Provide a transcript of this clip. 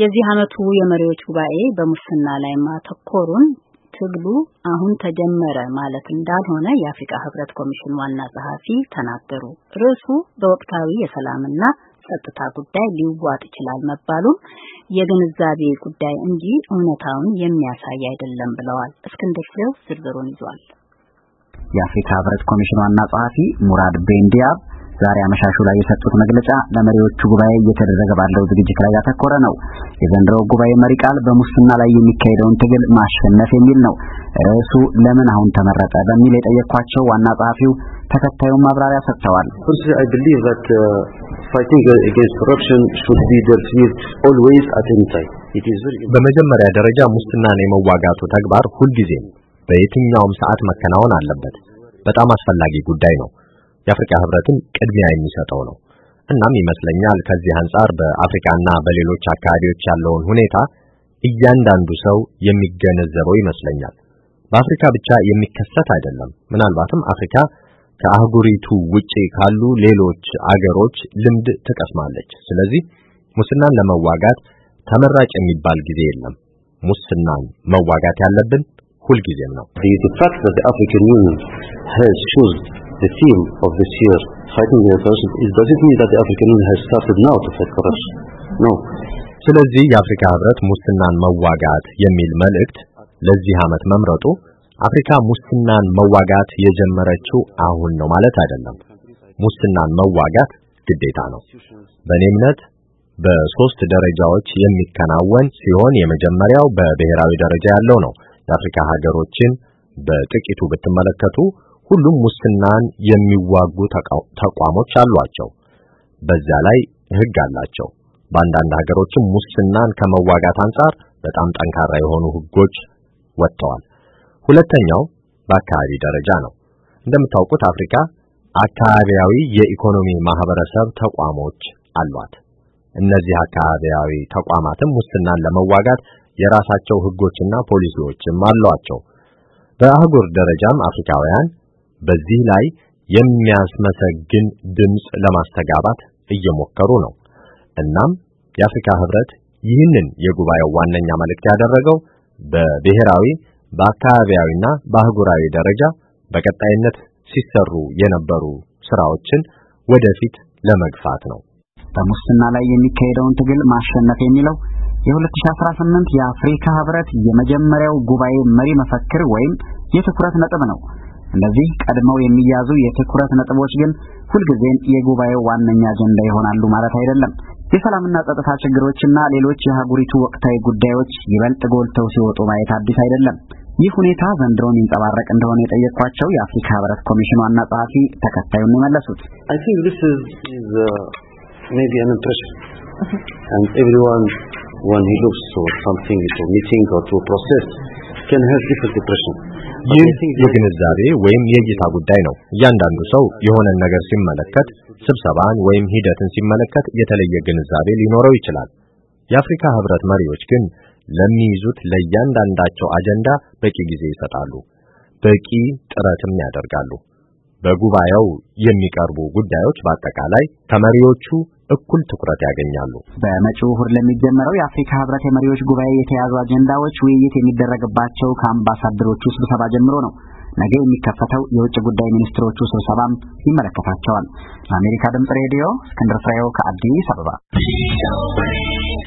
የዚህ ዓመቱ የመሪዎች ጉባኤ በሙስና ላይ ማተኮሩን ትግሉ አሁን ተጀመረ ማለት እንዳልሆነ የአፍሪካ ህብረት ኮሚሽን ዋና ጸሐፊ ተናገሩ። ርዕሱ በወቅታዊ የሰላምና ጸጥታ ጉዳይ ሊዋጥ ይችላል መባሉም የግንዛቤ ጉዳይ እንጂ እውነታውን የሚያሳይ አይደለም ብለዋል። እስክንድር ፍሬው ዝርዝሩን ይዟል። የአፍሪካ ህብረት ኮሚሽን ዋና ጸሐፊ ሙራድ ቤንዲያብ ዛሬ አመሻሹ ላይ የሰጡት መግለጫ ለመሪዎቹ ጉባኤ እየተደረገ ባለው ዝግጅት ላይ ያተኮረ ነው። የዘንድሮው ጉባኤ መሪ ቃል በሙስና ላይ የሚካሄደውን ትግል ማሸነፍ የሚል ነው። ርዕሱ ለምን አሁን ተመረጠ በሚል የጠየኳቸው ዋና ጸሐፊው ተከታዩን ማብራሪያ ሰጥተዋል። uh, በመጀመሪያ ደረጃ ሙስናን የመዋጋቱ ተግባር ሁልጊዜም በየትኛውም ሰዓት መከናወን አለበት። በጣም አስፈላጊ ጉዳይ ነው። የአፍሪካ ህብረትን ቅድሚያ የሚሰጠው ነው። እናም ይመስለኛል ከዚህ አንጻር በአፍሪካና በሌሎች አካባቢዎች ያለውን ሁኔታ እያንዳንዱ ሰው የሚገነዘበው ይመስለኛል። በአፍሪካ ብቻ የሚከሰት አይደለም። ምናልባትም አፍሪካ ከአህጉሪቱ ውጪ ካሉ ሌሎች አገሮች ልምድ ትቀስማለች። ስለዚህ ሙስናን ለመዋጋት ተመራጭ የሚባል ጊዜ የለም። ሙስናን መዋጋት ያለብን ሁልጊዜም ነው። The fact that the African Union has chosen the theme of this year, fighting the corruption, it doesn't mean that the African Union has started now to fight corruption. No. ስለዚህ የአፍሪካ ህብረት ሙስናን መዋጋት የሚል መልእክት ለዚህ ዓመት መምረጡ አፍሪካ ሙስናን መዋጋት የጀመረችው አሁን ነው ማለት አይደለም። ሙስናን መዋጋት ግዴታ ነው። በእኔ እምነት በሶስት ደረጃዎች የሚከናወን ሲሆን የመጀመሪያው በብሔራዊ ደረጃ ያለው ነው። የአፍሪካ ሀገሮችን በጥቂቱ ብትመለከቱ ሁሉም ሙስናን የሚዋጉ ተቋሞች አሏቸው። በዚያ ላይ ህግ አላቸው። በአንዳንድ ሀገሮችም ሙስናን ከመዋጋት አንጻር በጣም ጠንካራ የሆኑ ህጎች ወጥተዋል። ሁለተኛው በአካባቢ ደረጃ ነው። እንደምታውቁት አፍሪካ አካባቢያዊ የኢኮኖሚ ማህበረሰብ ተቋሞች አሏት። እነዚህ አካባቢያዊ ተቋማትም ሙስናን ለመዋጋት የራሳቸው ህጎችና ፖሊሲዎችም አሏቸው። በአህጉር ደረጃም አፍሪካውያን በዚህ ላይ የሚያስመሰግን ድምፅ ለማስተጋባት እየሞከሩ ነው። እናም የአፍሪካ ህብረት ይህንን የጉባኤው ዋነኛ መልእክት ያደረገው በብሔራዊ በአካባቢያዊና በአህጉራዊ ደረጃ በቀጣይነት ሲሰሩ የነበሩ ስራዎችን ወደፊት ለመግፋት ነው። በሙስና ላይ የሚካሄደውን ትግል ማሸነፍ የሚለው የ2018 የአፍሪካ ህብረት የመጀመሪያው ጉባኤ መሪ መፈክር ወይም የትኩረት ነጥብ ነው። እነዚህ ቀድመው የሚያዙ የትኩረት ነጥቦች ግን ሁልጊዜም የጉባኤው ዋነኛ አጀንዳ ይሆናሉ ማለት አይደለም። የሰላምና ጸጥታ ችግሮችና ሌሎች የሀገሪቱ ወቅታዊ ጉዳዮች ይበልጥ ጎልተው ሲወጡ ማየት አዲስ አይደለም። ይህ ሁኔታ ዘንድሮን የሚንጸባረቅ እንደሆነ የጠየኳቸው የአፍሪካ ህብረት ኮሚሽን ዋና ጸሐፊ ተከታዩን የመለሱት ሜቢ ይህ የግንዛቤ ወይም የእይታ ጉዳይ ነው። እያንዳንዱ ሰው የሆነን ነገር ሲመለከት፣ ስብሰባን ወይም ሂደትን ሲመለከት የተለየ ግንዛቤ ሊኖረው ይችላል። የአፍሪካ ህብረት መሪዎች ግን ለሚይዙት ለእያንዳንዳቸው አጀንዳ በቂ ጊዜ ይሰጣሉ፣ በቂ ጥረትም ያደርጋሉ። በጉባኤው የሚቀርቡ ጉዳዮች በአጠቃላይ ከመሪዎቹ እኩል ትኩረት ያገኛሉ። በመጪው እሁድ ለሚጀመረው የአፍሪካ ህብረት የመሪዎች ጉባኤ የተያዙ አጀንዳዎች ውይይት የሚደረግባቸው ከአምባሳደሮቹ ስብሰባ ጀምሮ ነው። ነገ የሚከፈተው የውጭ ጉዳይ ሚኒስትሮቹ ስብሰባም ይመለከታቸዋል። ለአሜሪካ ድምጽ ሬዲዮ እስክንድር ፍሬው ከአዲስ አበባ